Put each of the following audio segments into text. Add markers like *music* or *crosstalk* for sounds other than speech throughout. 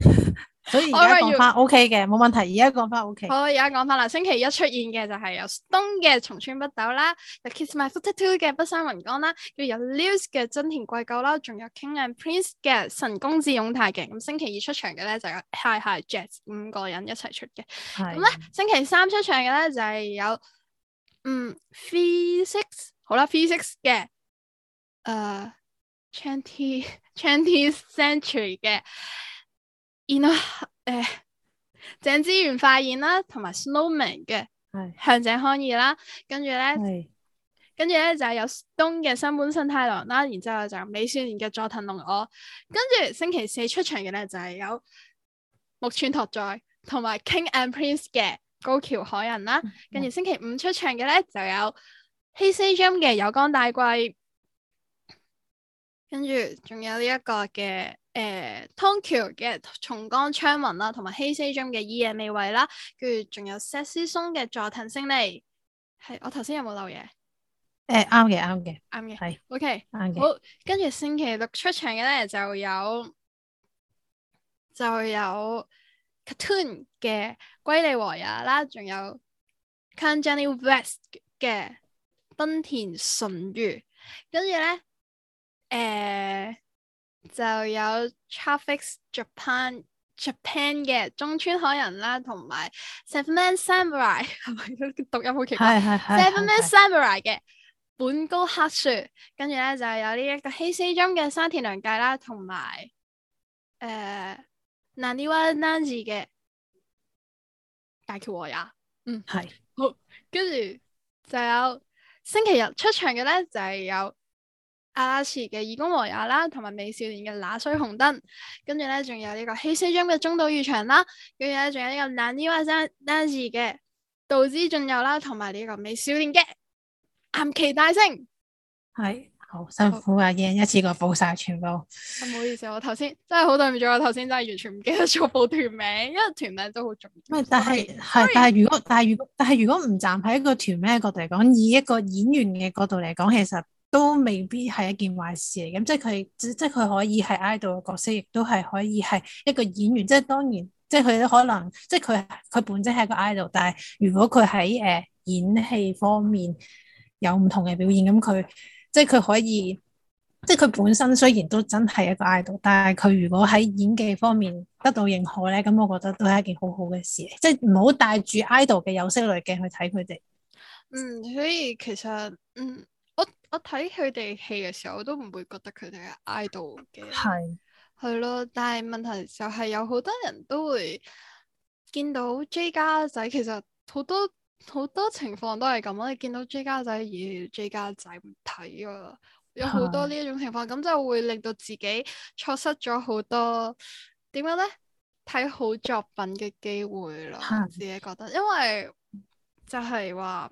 *laughs* 所以而家講翻 OK 嘅，冇 Alright, 問題。而家講翻 OK。好，而家講翻啦。星期一出現嘅就係有 Stone 嘅《重穿不斗》啦，有 Kiss My Foot Two 嘅《北山雲光》啦，跟住有 News 嘅《真田貴夠》啦，仲有 King and Prince 嘅《神宮寺勇太勁》。咁星期二出場嘅咧就有《Hi Hi Jets 五個人一齊出嘅。咁咧的星期三出場嘅咧就係有嗯 Physics 好啦 Physics 嘅誒 Twenty Twentieth Century 嘅。然後誒，鄭志、呃、源快現啦，同埋 Snowman 嘅向井康二啦，跟住咧，的跟住咧就係 SixTONES 嘅森本慎太郎啦，然之後就美少年嘅佐藤龍我，跟住星期四出場嘅咧就係、是、有木村拓哉同埋 King and Prince 嘅高橋海人啦，的跟住星期五出場嘅咧就有 Hey!Say!JUMP 嘅有岡大貴，跟住仲有呢一個嘅。誒，TOKIO 嘅松岡昌宏、啊、啦，同埋 Hey! Say! JUMP 嘅伊野尾慧啦，跟住仲有 Sexy Zone 嘅佐藤勝利，係我頭先有冇漏嘢？誒、欸，啱嘅，啱嘅，啱嘅，係，OK，好，跟住星期六出場嘅咧就有就有 KAT-TUN 嘅龜梨和也啦，仲有 Kanjani West 嘅濱田崇裕，跟住咧誒。欸就有 Travis Japan Japan 嘅中村海人啦，同埋 Seven Men Samurai 係 *laughs* 咪？嗰個讀音好奇怪。係係係。 *noise* Seven man *noise* Samurai 嘅本高克樹，跟住咧就係有呢一個 Hey! Say! JUMP 嘅山田涼介啦，同埋誒那尼灣男子嘅大橋和也。嗯，係是好，跟住就有星期日出場嘅咧，就係、是、有。阿拉西嘅二宮和也啦，同埋美少年嘅那須雄登，跟住咧仲有呢、這個 Hey Say Jump 嘅中島裕翔啦，跟住咧仲有呢、這個 Naniwa 男子嘅道枝駿佑啦，同埋呢個美少年嘅岩崎大昇，係好辛苦啊，Yan 好一次過報晒全部，唔、啊、好意思，我頭先真係好對唔住，我頭先真係完全唔記得咗報團名，因為團名都好重要。咪但係係但係如果但係如但係如果唔站喺個團名角度嚟講，以一個演員嘅角度嚟講，其實。都未必係一件壞事嚟，咁即係佢，即係佢可以係 idol 嘅角色，亦都係可以係一個演員。即係當然，即係佢可能，即係佢佢本質係一個 idol，但係如果佢喺誒演戲方面有唔同嘅表現，咁佢即係佢可以，即係佢本身雖然都真係一個 idol，但係佢如果喺演技方面得到認可咧，咁我覺得都係一件好好嘅事。即係唔好帶住 idol 嘅有色濾鏡去睇佢哋。嗯，所以其實嗯。我我睇佢哋戲嘅時候，我都唔會覺得佢哋係 idol 嘅。係係是咯，但係問題就係有好多人都會見到 J 家仔，其實好多好多情況都係咁咯。你見到 J 家仔而 J 家仔唔睇啊，有好多呢一種情況，咁是就會令到自己錯失咗好多點樣咧？睇好作品嘅機會咯，是自己覺得，因為就係話。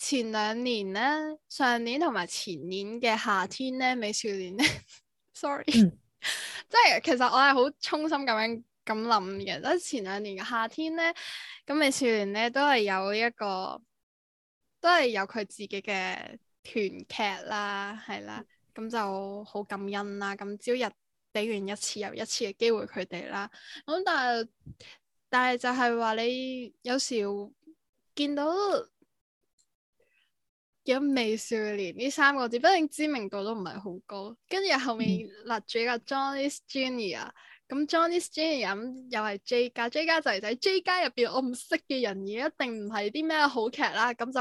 前兩年咧，上年同埋前年嘅夏天咧，美少年咧 *laughs* ，sorry，嗯、 *laughs* 即係其實我係好衷心咁樣咁諗嘅。即係前兩年嘅夏天咧，咁美少年咧都係有一個，都係有佢自己嘅團劇啦，係啦，咁、嗯、就好感恩啦。咁朝日俾完一次又一次嘅機會佢哋啦。咁但係，但係就係話你有時見到。有美少年呢三個字，不過知名度都唔係好高。跟住後面立住、嗯、一個 Johnny's Junior，咁 Johnny's Junior 又係 J、啊、 *music* 家、就是、 *music* ，J 家仔仔，J 家入邊我唔識嘅人而一定唔係啲咩好劇啦。咁就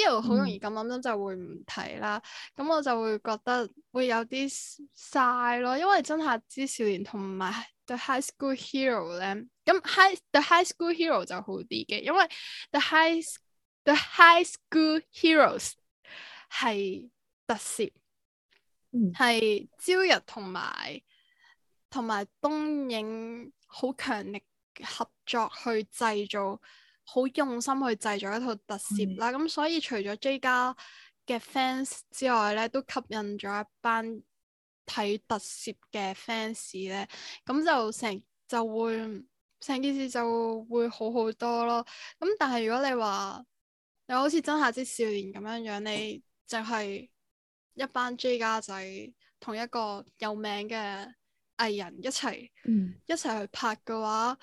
啲人好容易咁諗諗就會唔睇啦。咁我就會覺得會有啲嘥咯，因為真係《美少年》同埋《The High School Hero》咧。咁《High The High School Hero》就好啲嘅，因為《The High》。《The High School Heroes》係特攝，係朝日同埋同埋東映好強力合作去製造，好用心去製作一套特攝啦。咁、嗯、所以除咗 J 家嘅 fans 之外咧，都吸引咗一班睇特攝嘅 fans 咧。咁就成就會成件事就會好好多咯。咁但係如果你話，就好似《真夏之少年》咁樣樣，你就係一班 J 家仔同一個有名嘅藝人一齊、嗯、一齊去拍嘅話，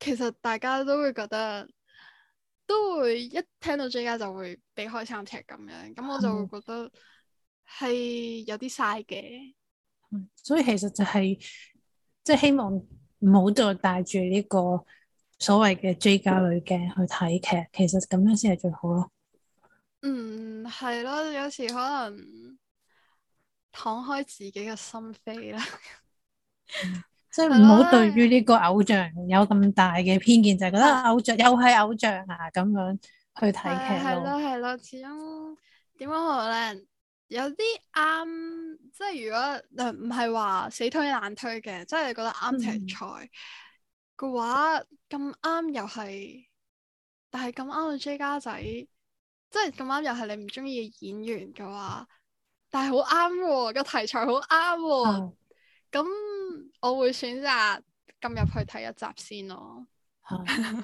其實大家都會覺得都會一聽到 J 家就會避開三尺咁樣，咁我就會覺得係有啲嘥嘅。嗯、 *laughs* 所以其實就係即係希望唔好再帶住呢、這個。所謂嘅追加女嘅去睇劇，其實咁樣先係最好咯。嗯，係咯，有時可能敞開自己嘅心扉啦， *laughs* 即係唔好對於呢個偶像、uh, 有咁大嘅偏見，就係、是、覺得偶像又係偶像啊，咁樣去睇劇咯。係咯、嗯，係咯，始終點樣好咧？有啲啱、嗯，即係如果唔唔係話死推爛推嘅，即係你覺得啱題材嘅話，咁啱又係，但係咁啱嘅 J 家仔，即係咁啱又係你唔中意嘅演員嘅話，但係好啱喎，個題材好啱喎，咁的我會選擇撳入去睇一集先咯。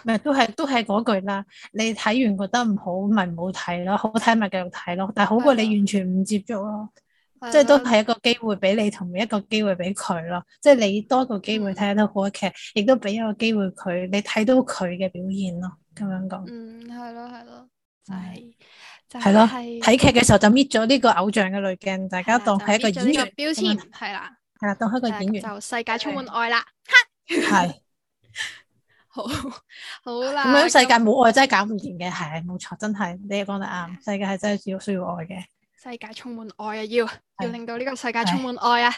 咪都係都係嗰句啦，你睇完覺得唔好咪唔好睇咯，好睇咪繼續睇咯，但係好過你完全唔接觸咯。 *music* 即係都係一個機會俾你，同一個機會俾佢咯。即係你多個機會睇到好多劇，亦都俾一個機會佢，嗯、會你睇到佢嘅表現咯。咁樣講，嗯，係咯，係咯，的就係、是，係咯，睇劇嘅時候就搣咗呢個偶像嘅濾鏡，的大家當佢係一個演員個標籤，係啦樣，係啦的，當佢個演員就世界充滿愛啦，哈的，係， *laughs* *laughs* 好，好啦，咁樣世界冇愛真係搞唔掂嘅，係冇錯，真係你又講得啱，世界係真係要需要愛嘅。世界充滿愛啊！要是要令到呢個世界充滿愛啊！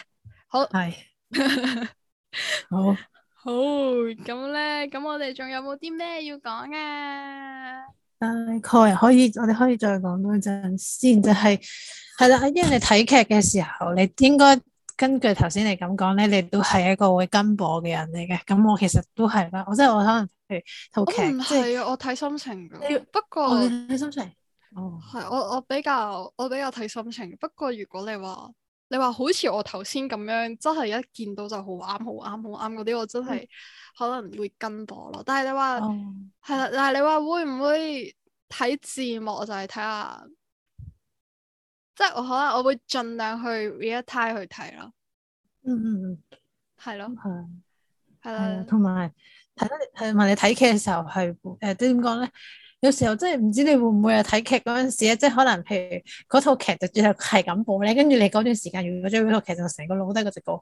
好係是 *laughs* 好好咁咧，咁我哋仲有冇啲咩要講嘅，啊？大概可以，我哋可以再講多陣先，就係係啦。因為你睇劇嘅時候，你應該根據頭先你咁講咧，你都係一個會跟播嘅人嚟嘅。咁我其實都係啦，我即、就、係、是、我可能，譬如套劇、係我唔係啊，就是、我睇心情㗎。你不過睇心情。係、oh.，我我比較我比較睇心情。不過如果你話你話好似我頭先咁樣，真係一見到就好啱好啱好啱嗰啲，我真係可能會跟波咯。但係你話係啦，但係你話會唔會睇字幕就係睇下，即、就、係、是、我可能我會盡量去 real time 去睇咯。嗯嗯嗯，係、hmm. 咯的，係係啦，同埋睇咧係問你睇劇嘅時候係誒點講咧？有時候真係唔知你會唔會係睇劇嗰陣時咧，即係可能譬如嗰套劇就最後係咁播咧，跟住你嗰段時間如果追嗰套劇就成個腦都係嗰隻歌，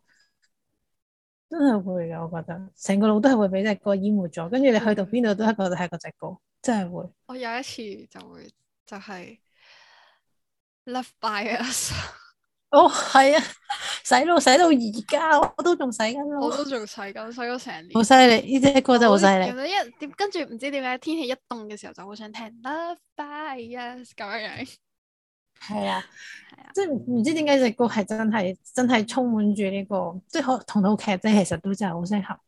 真係會嘅，我覺得成個腦都係會俾隻歌淹沒咗，跟住你去到邊度都係覺得係嗰隻歌，嗯、真係會。我有一次就會就係 Love By Us，哦係、 *laughs* oh, 啊。洗，洗到洗到而家，我都仲洗緊，我都仲洗緊，洗咗成年。好犀利，呢隻歌真係好犀利。一， *music* 跟住唔知點解天氣一凍嘅時候就好想聽 Love by Yes 咁樣樣。係啊，係啊，即係唔知點解隻歌係真係真係充滿住呢個，即係可同套劇即係其實都真係好適合，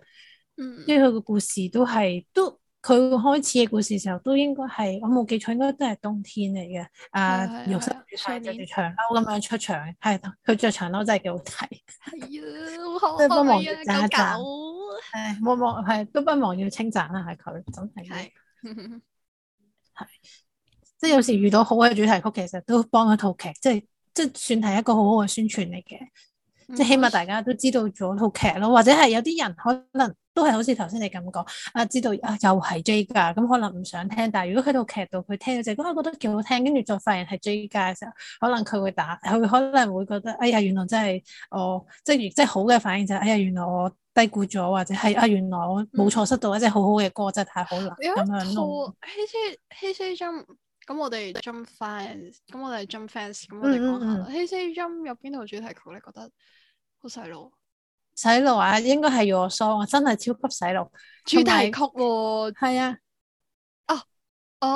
嗯、因為佢個故事都係都。佢開始嘅故事時候，都應該係我冇記錯，應該都係冬天嚟嘅。是的 啊，玉生雪著長褸咁樣出場，係佢着長褸真係幾好睇。係、 *laughs* 哎啊、要好睇即可愛要狗，救救唉，不忘係都不忘要稱讚啦，係佢真係係，即係有時遇到好嘅主題曲，其實都幫一套劇，即係即係算係一個好好嘅宣傳嚟嘅。即係希望大家都知道咗套劇咯，或者係有啲人可能。都係好似頭先你咁講，啊知道啊又係 J 家，咁、嗯、可能唔想聽，但係如果去到劇度，佢聽到隻歌，覺得幾好聽，跟住再發現係 J 家嘅時候，可能佢會打，佢可能會覺得，哎呀原來真係哦，即係即係好嘅反應就係，哎呀原來我低估咗，或者係啊原來我冇錯失到一隻好好嘅歌，嗯、真係太好啦咁樣咯。有套《Hey Say Hey Say Jump》咁我哋 jump fans，咁我哋 jump fans，咁我哋講下《Hey Say Jump》有邊套主題曲你覺得好細路？洗腦啊，應該係《若桑》，真係超級洗腦。主題曲喎。係啊。哦。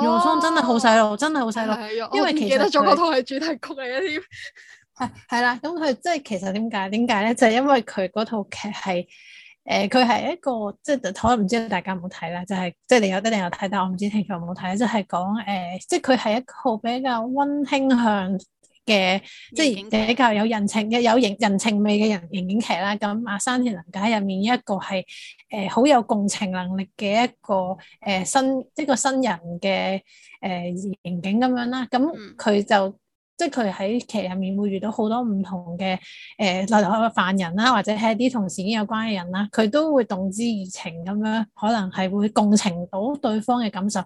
《若桑的》真係好洗腦，真係好洗腦。因我唔記得咗嗰套係主題曲嚟嘅添。係係啦，咁佢即係其實點解點解咧？就係、因為佢嗰套劇係，誒、呃，佢係一個即係，可能唔知大家有冇睇啦，就係即係你有得，你有睇，但我唔知聽眾有冇睇，就係講誒，即係佢係一套比較温馨向。嘅即係比較有人情嘅有型，人情味嘅人刑警劇啦，咁阿山田能介入面呢一個係誒好有共情能力嘅一個誒、呃、新即一個新人嘅誒、呃、刑警咁樣啦，咁佢就。嗯即係佢喺劇入面會遇到好多唔同嘅誒來來去去犯人啦，或者係啲同事件有關嘅人啦，佢都會動之以情咁樣，可能係會共情到對方嘅感受。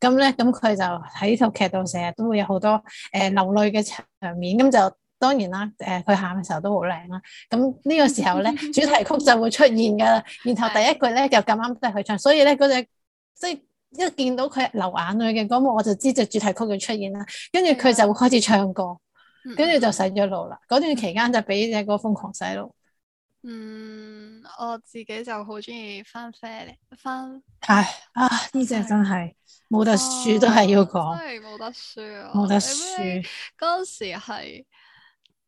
咁咧，咁佢就喺套劇度成日都會有好多誒、呃、流淚嘅場面。咁就當然啦，誒佢喊嘅時候都好靚啦。咁呢個時候咧， *laughs* 主題曲就會出現噶啦。然後第一句咧就咁啱都係佢唱，所以咧嗰隻即係。一見到佢流眼淚嘅嗰幕，我就知隻主題曲嘅出現啦。跟住佢就會開始唱歌，跟住、嗯、就洗咗腦啦。嗰段期間就俾隻歌瘋狂洗腦。嗯，我自己就好中意翻啡翻。唉啊，呢隻是、啊、真係冇得輸都係要講。哦、真係冇得輸啊！冇得輸。嗰時係誒、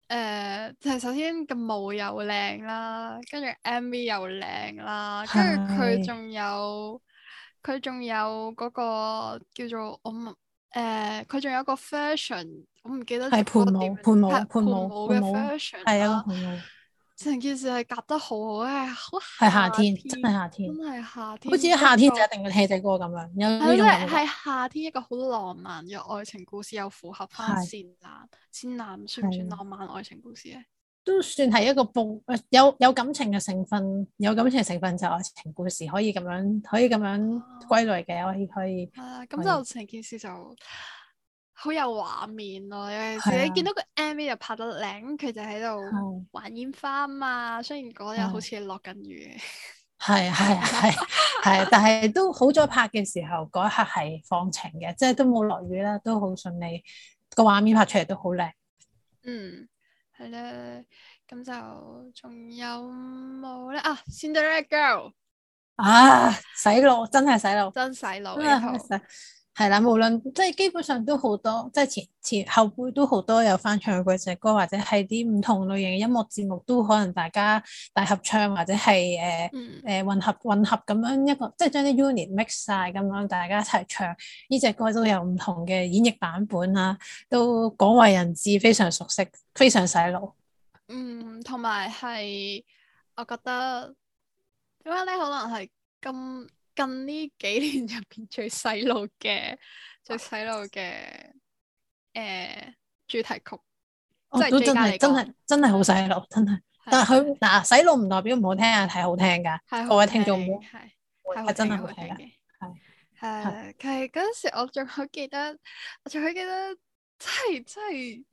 呃，就係、首先個舞又靚啦，跟住 M V 又靚啦，跟住佢仲有。佢仲有嗰、嗰個叫做我唔誒，佢、呃、仲有個 fashion，我唔記得嗰個點。係盤舞，盤舞，盤舞嘅 fashion。係的 version, 啊，成件事係夾得好好，啊，係好係夏天，真係夏天，真係夏天。好似夏天就一個一定個車仔歌咁樣。係即係夏天一個好浪漫嘅愛情故事，又符合翻善男善男算唔算浪漫愛情故事咧？都算係一個部、呃、有有感情嘅成分，有感情嘅成分就係愛情故事，可以咁樣，可以咁樣歸類嘅，可以可以，可以。可以啊，咁、嗯、以就成件事就好，好有畫面咯、啊。有陣時你見到個 MV 就拍得靚，佢就喺度玩煙花啊嘛。的雖然嗰日好似落緊雨，係係係係，但係都好在拍嘅時候嗰一刻係放晴嘅，即係都冇落雨啦，都好順利。個畫面拍出嚟都好靚。嗯。係咧，咁就仲有冇咧？啊，Cinderella girl，啊，洗腦，真係洗腦，真洗腦。係啦，無論即係基本上都好多，即係前前後輩都好多有翻唱過隻歌，或者係啲唔同類型嘅音樂節目都可能大家大合唱，或者係誒誒混合混合咁樣一個，即係將啲 unit mix 晒咁樣，大家一齊唱呢隻歌都有唔同嘅演繹版本啦，都廣為人知，非常熟悉，非常洗腦。嗯，同埋係，我覺得，點解咧可能係咁。近呢幾年入邊最洗腦嘅，最洗腦嘅，誒主題曲，我都真係真係真係好洗腦。真係。但係佢嗱洗腦唔代表唔好聽啊，係好聽噶。各位聽眾，係係真係好聽嘅。係係佢係嗰時，我仲好記得，我仲好記得，真係真係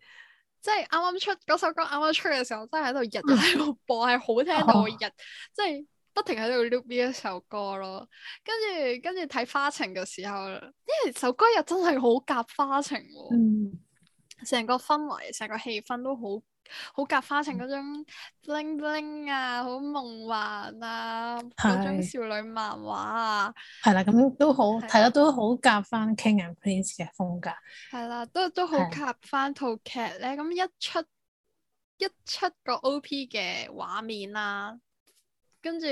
即係啱啱出嗰首歌，啱啱出嘅時候，真係喺度日日喺度播，係好聽到日，即係。不停喺度 loop 呢一首歌咯，跟住跟住睇花情嘅時候，呢、欸、首歌又真係好夾花情。嗯，成個氛圍、成個氣氛都好好夾花情嗰、嗯、種 bling bling 啊，好夢幻啊，嗰是種少女漫畫啊。係啦，咁都好，睇的得都好夾翻 King and Prince 嘅風格。係啦，都都好夾翻套劇咧。咁的一出一出個 OP 嘅畫面啦、啊。跟住，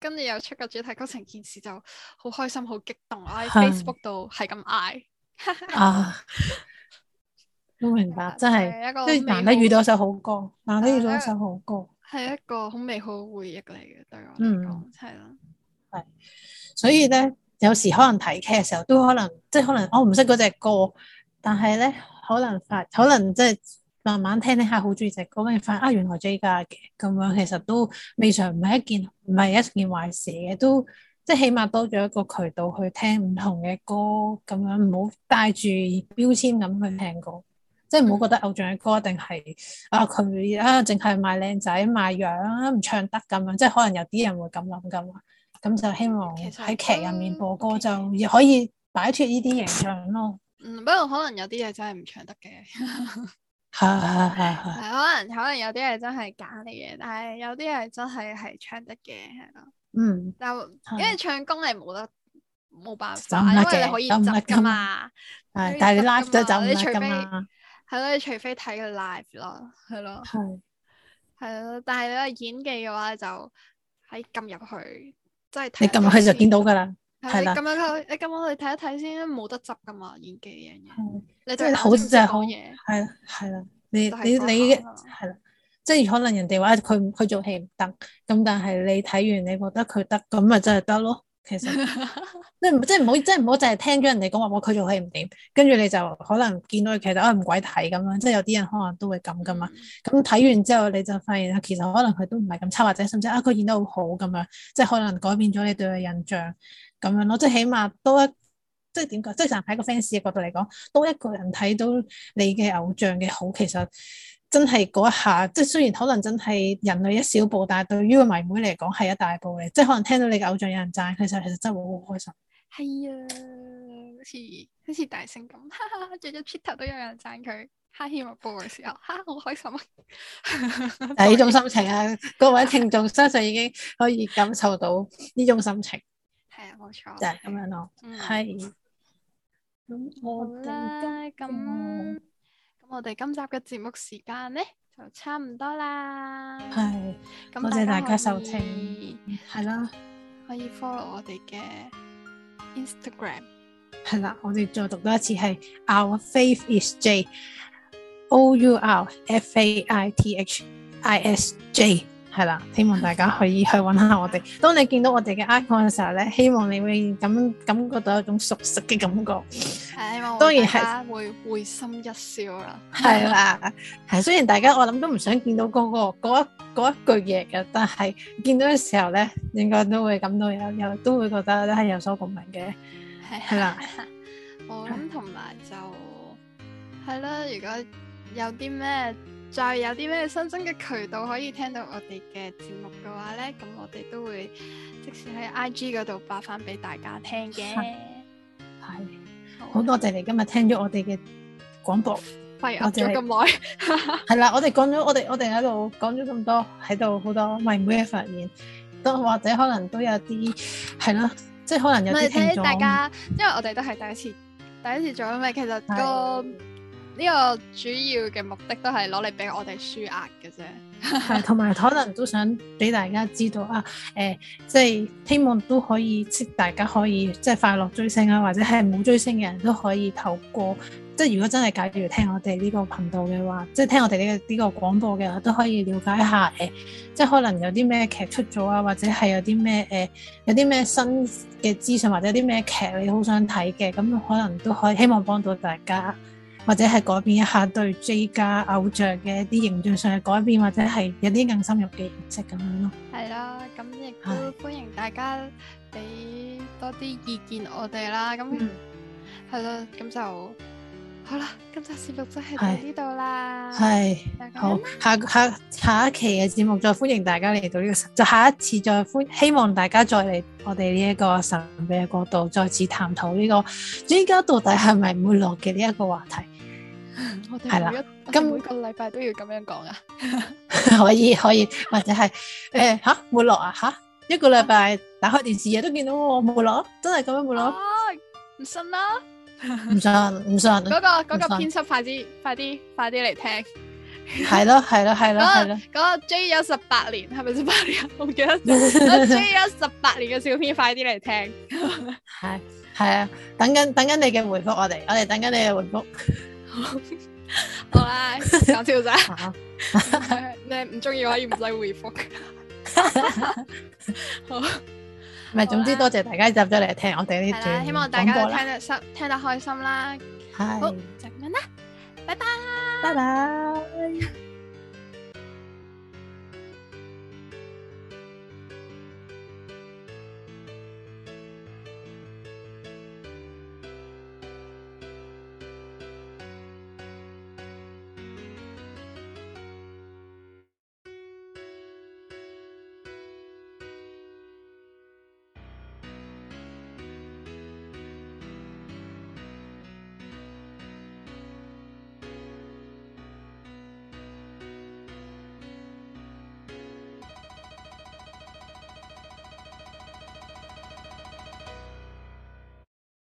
跟住又出個主題曲，成件事就好開心、好激動，我喺 Facebook 度係咁嗌。 *laughs* 啊，都明白，真係，即係難得遇到一首好歌，難得遇到一首好歌，係一個好美好嘅回憶嚟嘅，對我嚟講，係啊、嗯、係，所以咧，有時可能睇劇嘅時候，都可能即係可能我唔識嗰隻歌，但係咧可能發，可能即係。慢慢聽聽下，好中意隻歌，跟住發現啊，原來 J 家嘅咁樣，其實都未嘗唔係一件唔係一件壞事嘅，都即係起碼多咗一個渠道去聽唔同嘅歌，咁樣唔好帶住標籤咁去聽歌，即係唔好覺得偶像嘅歌一定係、嗯、啊佢啊淨係賣靚仔賣樣，唔、啊、唱得咁樣，即係可能有啲人會咁諗㗎嘛。咁就希望喺劇入面播歌就可以擺脱呢啲形象咯。嗯，不過、嗯嗯、可能有啲嘢真係唔唱得嘅。啊啊啊 *laughs* 係係係係，可能可能有啲嘢真係假嚟嘅，但係有啲係真係係唱得嘅，係咯。嗯，就的因為唱功你冇得冇辦法，因為你可以執噶嘛。嘛，但係你 live 就走唔得噶嘛。係咯，你除非睇佢 live 咯，係咯的，係係咯，但係你演技嘅話就喺撳入去，即係你撳入去就見到噶啦。係啦，咁的樣佢，你咁樣去睇一睇先，冇得執噶嘛，演技呢樣嘢。你真係好正好嘢，係係啦，你你你係啦，即係可能人哋話佢佢做戲唔得，咁但係你睇完你覺得佢得，咁咪真係得咯。其實即係唔好，即係唔好，淨係聽咗人哋講話，我佢做戲唔掂，跟住你就可能見到佢其實啊唔、哎、鬼睇咁樣，即係有啲人可能都會咁噶嘛。咁睇、 *noise* 嗯、完之後你就發現其實可能佢都唔係咁差，或者甚至啊佢演得好好咁樣，即係、啊啊、可能改變咗你對佢印象。咁樣咯，即係起碼多一，即係點講？即係成日喺個 fans 嘅角度嚟講，多一個人睇到你嘅偶像嘅好，其實真係嗰一下，即係雖然可能真係人類一小步，但係對於個迷妹嚟講係一大步嘅。即係可能聽到你嘅偶像有人讚，其實其實真係會好開心。係啊，好似好似大聲咁，哈哈，著咗 Twitter 都有人讚佢，Hi him a boy 嘅時候，哈好開心啊！係 *laughs* 呢種心情啊， *laughs* 各位聽眾相信已經可以感受到呢種心情。係啊，冇錯，就係咁樣咯。係，咁我哋今咁咁我哋今集嘅節目時間咧就差唔多啦。係，多謝大家收聽，係啦，可以 follow 我哋嘅 Instagram。係啦，我哋再讀多一次，係 Our faith is J O U R F A I T H I S J。係啦，希望大家可以去揾下我哋。當你見到我哋嘅 icon 嘅時候咧，希望你會感感覺到一種熟悉嘅感覺。係、嗯，希望當然係大家會會心一笑啦。係啦的，係 *laughs* 雖然大家我諗都唔想見到嗰、那個嗰個嗰一,一句嘢嘅，但係見到嘅時候咧，應該都會感到有有都會覺得係有所共鳴嘅。係啦，我諗同埋就係啦，如果有啲咩，再有啲咩新增嘅渠道可以聽到我哋嘅節目嘅話咧，咁我哋都會即使喺 IG 嗰度播翻俾大家聽嘅。係，好，好多謝你今日聽咗我哋嘅廣播，我哋咁耐。係啦， *laughs* 我哋講咗，我哋我哋喺度講咗咁多，喺度好多唔同嘅發現，都或者可能都有啲係咯，即係可能有啲聽、就係、大家，因為我哋都係第一次，第一次做嘅，其實、那個。呢個主要嘅目的都係攞嚟俾我哋舒壓嘅啫，係同埋可能都想俾大家知道啊。誒，即係希望都可以，即大家可以即係快樂追星啊，或者係冇追星嘅人都可以透過即係，如果真係假如聽我哋呢個頻道嘅話，即係聽我哋呢個呢個廣播嘅話，都可以了解下誒，即係可能有啲咩劇出咗啊，或者係有啲咩誒有啲咩新嘅資訊，或者有啲咩劇你好想睇嘅，咁可能都可以希望幫到大家。或者係改變一下對 J 家偶像嘅一啲形象上嘅改變，或者係有啲更深入嘅認識咁樣咯。係啦，咁亦都的歡迎大家俾多啲意見我哋啦。咁係咯，咁、嗯、就好啦。今集節目即係呢度啦。係，好下下，下一期嘅節目再歡迎大家嚟到呢、這個，就下一次再歡希望大家再嚟我哋呢一個神秘嘅角度再次探討呢、這個 J 家到底係咪唔沒落嘅呢一個話題。 *music* 我哋係啦，今每個禮拜都要咁樣講啊？可以可以，或者係誒吓，沒落啊，吓一個禮拜打開電視啊都見到我沒落，真係咁樣沒落？唔、啊、信啦，唔信唔信嗰、嗰個嗰個編輯快啲快啲快啲嚟聽，係咯係咯係咯嗰個追咗十八年係咪十八年？是是年 *laughs* 我唔記得 *laughs* 追咗十八年嘅照片，快啲嚟聽。係係啊，等緊等緊你嘅回，回覆，我哋我哋等緊你嘅回覆好啦，講笑仔，你唔中意可以唔使回復。好，唔係，總之多謝大家入咗嚟聽我哋呢啲，希望大家都聽得心聽得開心啦。好，就咁啦，拜拜，拜拜。